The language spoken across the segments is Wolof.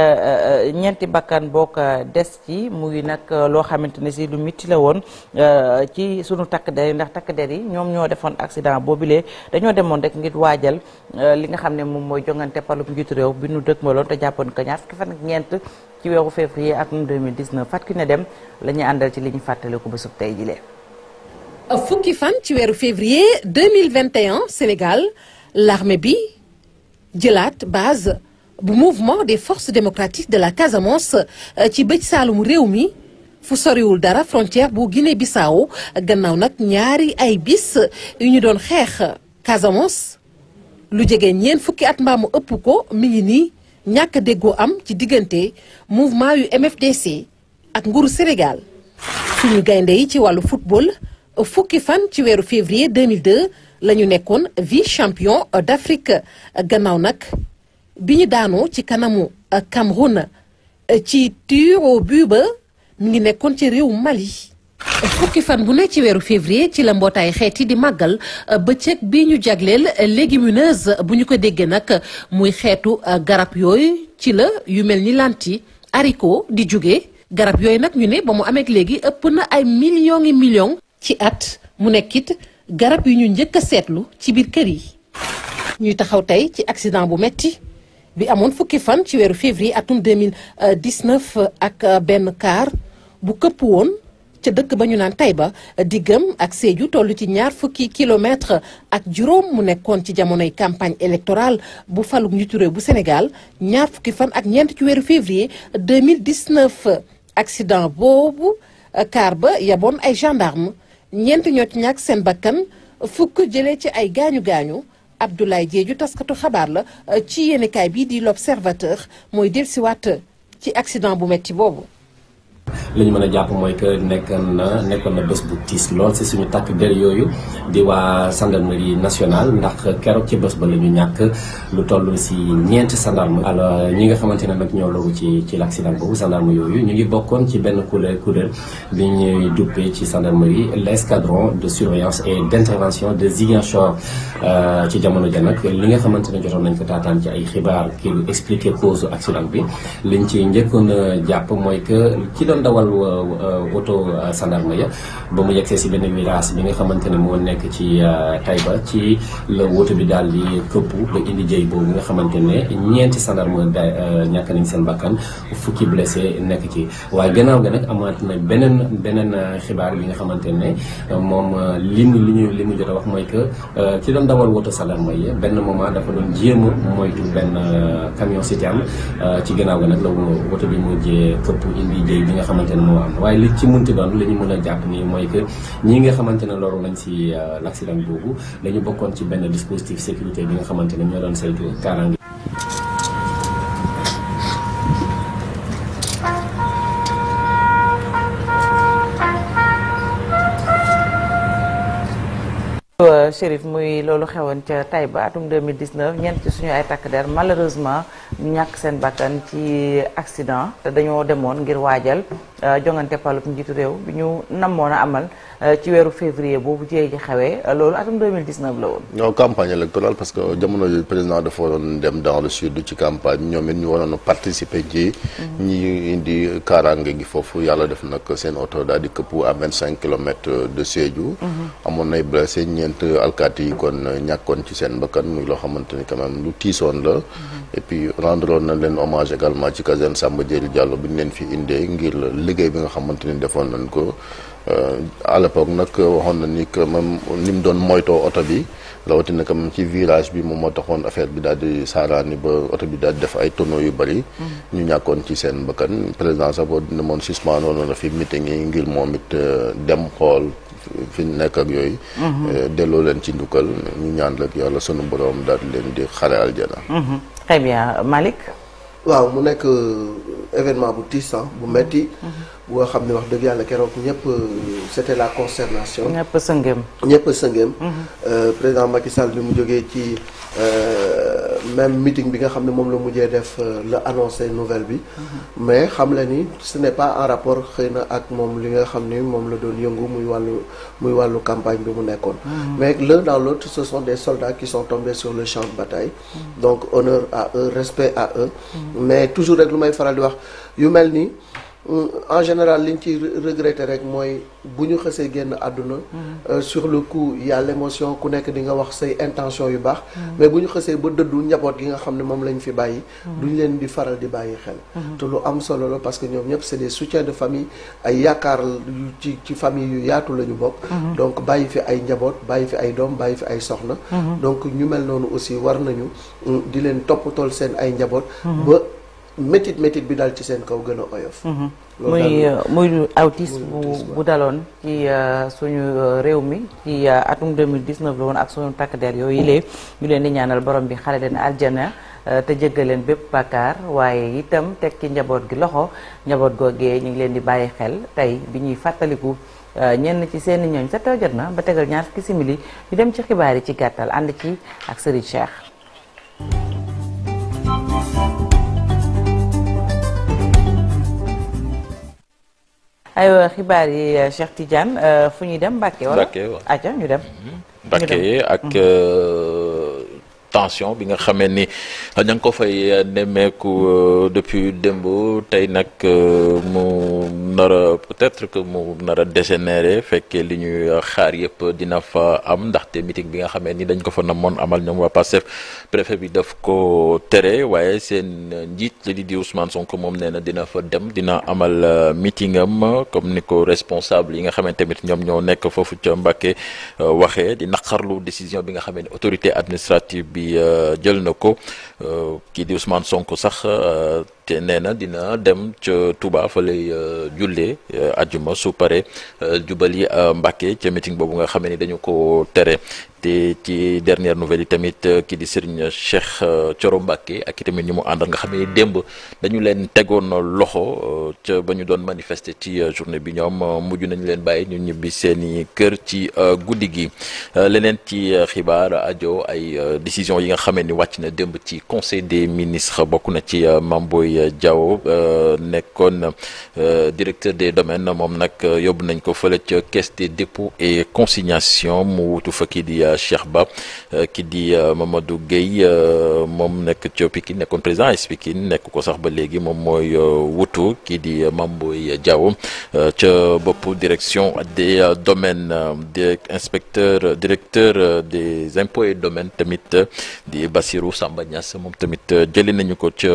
Euh, euh, euh, ñeenti bakkan bokk des ci mu ngi nag loo xamante ne si lu mitti la woon ci sunu takk der yi ndax takk der yi ñoom ñoo defoon accident boo boobule dañoo demoon rek ngir waajal li nga xam ne moom mooy jongante palub njiitu réew bi nu dëkkmaloon te jàppoon ko ñaar fukki fan ak ñeent ci weeru février atum 2019 Fatou Kiné la ñuy àndal ci li ñu fàttaliku bésub tey jile. fukki fan ci weeru février 2021 Sénégal l'armée bi jëlaat base. bu mouvement des forces démocratiques de la Casamance euh, ci bëj saalum réew mi fu soriwul dara frontière bu Guinée Bissau gannaaw nag ñaari ay bis yu ñu doon xeex Casamance lu jege ñeen fukki at mbaamu ëpp ko mi ngi nii ñàkk déggoo am ci diggante mouvement yu MFDC ak nguuru Sénégal suñu gaynde yi ci wàllu football fukki fan ci weeru février 2002 la ñu nekkoon vie champion d'Afrique gannaaw nag bi ñu daanoo ci kanamu euh, Cameroun euh, ci tir au ba mu ngi nekkoon ci réew yi fukki fan bu ne ci weeru février ci la mbootaay xeet yi di màggal euh, bëccëg bi ñu jagleel légumineuse bu ñu ko déggee nag muy xeetu garab yooyu ci la yu mel ni lanti ariko di jóge garab yooyu nag ñu ne ba mu amee léegi ëpp na ay millions yi million ci at mu nekkit garab yi ñu njëkk a seetlu ci biir kër yi ñuy taxaw tey ci accident bu metti bi amoon fukki fan ci weeru février atum 2019 euh, ak euh, benn kaar bu këpp woon ca dëkk ba ñu naan Taïba euh, diggam ak Sédhiou toll ci ñaar fukki kilomètre ak juróom mu nekkoon ci jamonoy campagne électorale bu faluk njiitu bu Sénégal ñaar fukki fan ak ñeent ci weeru février 2019 accident boobu kaar ba yaboon ay gendarme ñeent ñoo ci ñàkk seen bakkan fukk jële ci ay gaañu gaañu Abdoulaye Diédhiou taskatu xabaar la euh, ci yéenekaay bii di l'Observateur mooy dellusiwaat ci accident bu metti boobu. li ñu mën a jàpp mooy que nekkoon na nekkoon na bés bu tiis lool si suñu takk der yooyu di waa gendarmerie nationale ndax keroog ci bés ba la ñàkk lu toll si ñeenti gendarme alors ñi nga xamante ne nag ñoo loolu ci ci l'accident boobu gendarme yooyu ñu ngi bokkoon ci benn kuréel kuréel bi ñuy duppee ci gendarmerie l'escadron de surveillance et d'intervention de Ziguinchor euh, ci jamono ja nag li nga xamante ne jotoon nañ ko taataan ci ay xibaar kii lu a jàpp mooy que ki doon dawal oto sandarma ya ba mu yegsee si benn virage bi nga xamante ne moo nekk ci euh, Taïba ci la woto bi daal di këpp ba indi jëy boobu nga xamante ne ñeenti sandarma da euh, ñàkk seen bakkan fukki blessé nekk ci waaye gannaaw ga nag at na beneen beneen euh, xibaar bi nga xamante ne moom li mu li ñuy li mu jot a wax mooy que ci doon dawal woto sandarma ya benn moment dafa doon jéem a moytu benn camion citerne ci gannaaw ga nag la woto bi mujjee këpp indi jëy bi nga xamante waaye li ci mun ti doon li ñu mën a jàpp nii mooy que ñii nga xamante ne loru lañ si euh, l'accident boobu dañu bokkoon ci benn dispositif sécurité bi nga xamante ne ñoo doon saytu kaaraange Chérif muy loolu xewoon ca Taïba atum 2019 ñeent ci suñu ay takk der malheureusement ñàkk seen bakkan ci accident te dañoo demoon ngir waajal euh, jongante palub njiitu réew bi ñu namoon a amal Euh, ci weeru février boobu jiyee xewee euh, loolu atum la woon. non campagne électorale parce que jamono yooyu président dafa waroon dem dans le sud ci campagne ñoom ñu waroon a participer ji. Mhm. ñi indi kaaraange gi foofu yàlla def nag seen oto daal di këpp à cinq kilomètres de Sédhiou. Mhm. amoon nay blessé ñeent alkaati yi kon ñàkkoon ci seen bakkan muy loo xamante ni lu tiisoon la. Mhm. et puis rendre na leen hommage également ci caserne Samba Diéry Diallo bi ñu leen fi indee ngir liggéey bi Euh, à l'époque nag waxoon na ni que même ni mu doon moytoo oto bi rawatina que même ci virage bi moom moo taxoon affaire bi daal di saaraani ba oto bi daal di def ay tonneaux yu bëri. Mm-hmm. ñu ñàkkoon ci seen bakkan président sax boo dina moon suspendre woon na fi meeting yi ngir moom it euh, dem xool. fi nekk ak yooyu. Mm-hmm. Euh, delloo leen ci ndukkal ñu ñaan rek yàlla sunu borom daal leen di xare aljana. Mm-hmm. très bien Malick. waaw mu nekk événement bu tiis bu metti boo xam ne wax dëgg yàlla keroog ñëpp c'était la consternation. ñëpp sëngëm. Mhm. Euh, président Macky bi mu jógee ci euh, meeting bi nga xam ne moom la mujjee def euh, la annoncé nouvelle bi. Mhm. mais xam la ni ce n'est pas en rapport xëy na ak moom li nga xam ni moom la doon yëngu muy wàllu muy wàllu campagne bi mu nekkoon. Mhm. mais l'un dans l'autre ce sont des soldats qui sont sur le champ de bataille. donc honneur à eux respect à eux. mais toujours rek lu may faral di wax yu mel Euh, en général li ñu ciy regretter rek mooy bu ñu xësee genn àdduna. Mm-hmm. Euh, sur le coup y a l'émotion ku nekk di nga wax sa intention yu baax. Mm-hmm. mais bu ñu xësee ba dëddu njaboot yi nga xam ne moom lañ fi bàyyi. Mm-hmm. duñ leen di faral di bàyyi xel. te lu am solo la parce que ñoom ñëpp c'est des soutiens de famille ay yaakaar ci ci famille yu yaatu la ñu bokk. donc bàyyi fi ay njaboot bàyyi fi ay doom bàyyi fi ay soxna. donc ñu mel noonu aussi war nañu euh, di leen tool seen ay njaboot. métit métit bi dal ci seen kaw gën a oyof. Mhm. muy euh, muy autisme bu bu daloon ci euh, suñu euh, réew mi ci atum 2019 la woon ak suñu takk der yooyu lee ñu leen di ñaanal borom bi xale leen aljana te jéggal leen bépp bàkkaar waaye itam teg ci njaboot gi loxo njaboot googee ñu ngi leen di bàyyi xel tey bi ñuy fàttaliku ñenn ci seen i ñooñ sa teew jot na ba tegal ñaar fukki simili ñu dem ci xibaar yi ci gàttal ànd ci ak Serigne Cheikh. ay xibaar yi euh, Cheikh Tidiane euh, fu ñuy dem Mbacke wala Mbacke waaw aja ñu dem. Mhm. Mbacke ak. Mhm. Euh, tension bi nga xamee ni ña ko fay nemmeeku depuis démb tey nag mu nar peut-être que mu nar a dégénérer fekkee li ñuy xaar yëpp dina fa am ndaxte meeting bi nga xamee ni dañ ko fa namoon amal ñoom waa Pastef préfet bi daf ko tere waaye seen njiit li di Ousmane sonk moom nee na dina fa dem dina amal euh, meeting am comme ni ko responsable yi nga xamee tamit ñoom ñoo nekk foofu ca Mbacké euh, waxee di xarlu décision bi nga xamee ni autorité administrative bi euh, jël na ko kii di Ousmane sonk sax. te nee na dina dem ca Touba fa lay jullee àjjuma su pare euh, jubali euh, Mbàkke ca meeting boobu nga xam ni dañu ko tere te ci dernière nouvelle yi tamit euh, ki di Serigne Cheikh euh, Thioro Mbacké ak i tamit ñi mu àndal nga xam ne démb dañu leen tegoon loxo euh, ca ba ñu doon manifester ci journée bi ñoom mujj nañu leen bàyyi ñu ñibbi seeni kër ci guddi gi leneen ci xibaar ajo ay décision yi nga xame ni wàcc na démb ci conseil des ministre bokk na ci Mame Boye Diao nekkoon directeur des domaines moom nag yóbb nañ ko fële ca caisse des dépôts et consignation mu wutu fa kii di Cheikh Ba euh, ki di euh, Mamadou Guèye euh, moom nekk ci Pikine nekkoon président AS Pikine nekk ko sax ba léegi moom mooy wutu ki di Mame Boye Diao ca boppu direction des domaines des inspecteur directeur des impôts et domaines tamit di Bassirou Samba moom tamit jëli nañu ko ca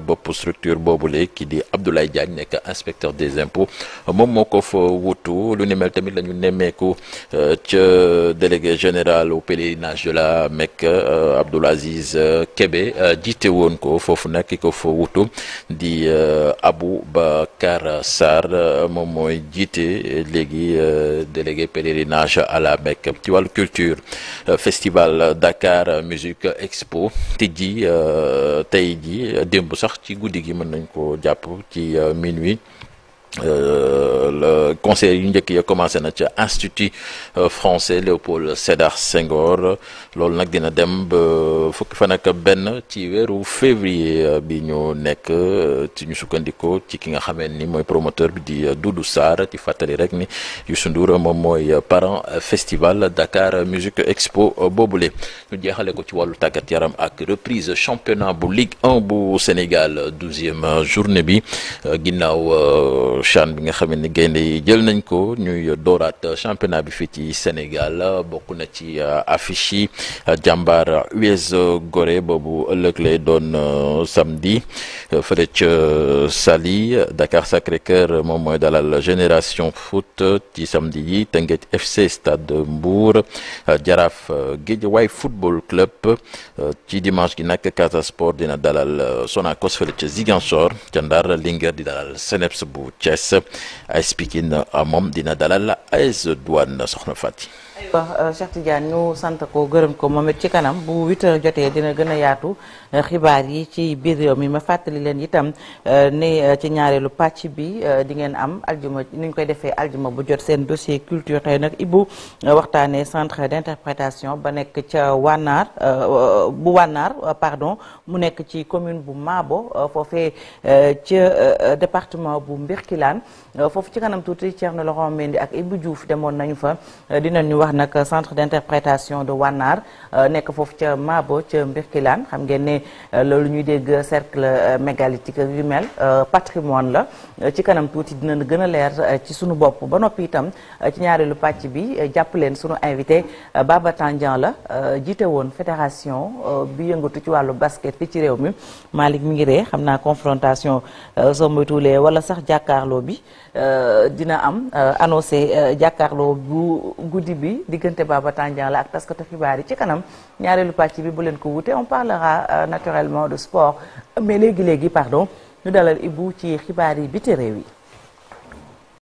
bopp structure boobule ki di Abdoulaye Diagne nekk inspecteur des impôts moom moo ko fa wutu lu ni tamit lañu ñu nemmeeku ca délégué général général au pèlerinage de la Mecque euh, Abdoul euh, Kébé euh, jiite woon ko foofu nag ko fa wutu di Aboubacar Sarr moom mooy jiite léegi délégué pèlerinage à la Mecque ci wàllu culture festival Dakar Musique Expo tijji tey ji démb sax ci guddi gi mën nañ ko jàpp ci minuit Euh, le conseil yu njëkk ya commencé na ca institut euh, français Léopold Sédar Senghor loolu nag dina dem ba fukki fan ak benn ci weeru février euh, bi ñu nekk ci ñu sukkandikoo ci ki nga xamee ni mooy promoteur bi di Doudou Sarr ci fàttali rek ni Youssou Ndour moom mooy parent festival Dakar Musique Expo boobule ñu jeexale ko ci wàllu tàggat yaram ak reprise championnat bu Ligue 1 bu Sénégal douzième journée bi ginnaaw. CHAN bi nga xam ne gaynde yi jël nañ ko ñuy dooraat championnat bi fii ci Sénégal bokk na ci euh, affiche yi euh, jàmbaar US gore boobu ëllëg lay doon euh, samedi fële ca Saly Dakar Sacré-Cœur moom mooy dalal Génération Foot ci samedi yi Teungueth FC Stade Mbour Jaraaf Guédiawaye Football Club ci dimanche gi nag Casa Sport dina dalal Sonacos fële Ziguinchor ca Ndar Linguère di dalal Seneps bu Thiès Thiès AS Pikine moom dina dalal AS Douane soxna Fati wax euh, Cheikh Tidiane ñu sant ko gërëm ko moom it ci kanam bu 8 jotee dina gën a yaatu euh, xibaar yi ci biir réew mi ma fàttali leen itam euh, ne ci ñaareelu pàcc bi di ngeen am aljuma ni ñu koy defee aljuma bu jot seen dossier culture tey nag Ibou waxtaanee centre d'interprétation ba nekk ca Wannar bu wannaar pardon mu nekk ci commune bu Maabo foofee ca département bu Mbirkilaan foofu ci kanam tuuti Thierno Laurent Mendy ak Ibou Diouf demoon nañu fa dinañu wax. nag centre d'interprétation de Wannar euh, nekk foofu ca Mabo ca Mbirkilaan xam ngeen ne euh, loolu ñuy dégg cercle euh, mégalithique yu patrimoine la ci kanam tuuti dina gën a leer ci sunu bopp ba noppi itam ci ñaareelu pàcc bi jàpp leen sunu invité Baba Tandian la jiite woon fédération bi yëngatu ci wàllu basket fi ci réew mi Malick mi ngi ree xam naa confrontation soo moytuwulee wala sax jàkkaarloo bi dina am annoncé jàkkaarloo bu guddi bi bi diggante Baba Tandian la ak taskatu xibaar yi ci kanam ñaareelu pàcc bi bu leen ko wute on parlera euh, naturellement de sport mais léegi-léegi pardon ñu dalal Ibou ci xibaar yi biti réew yi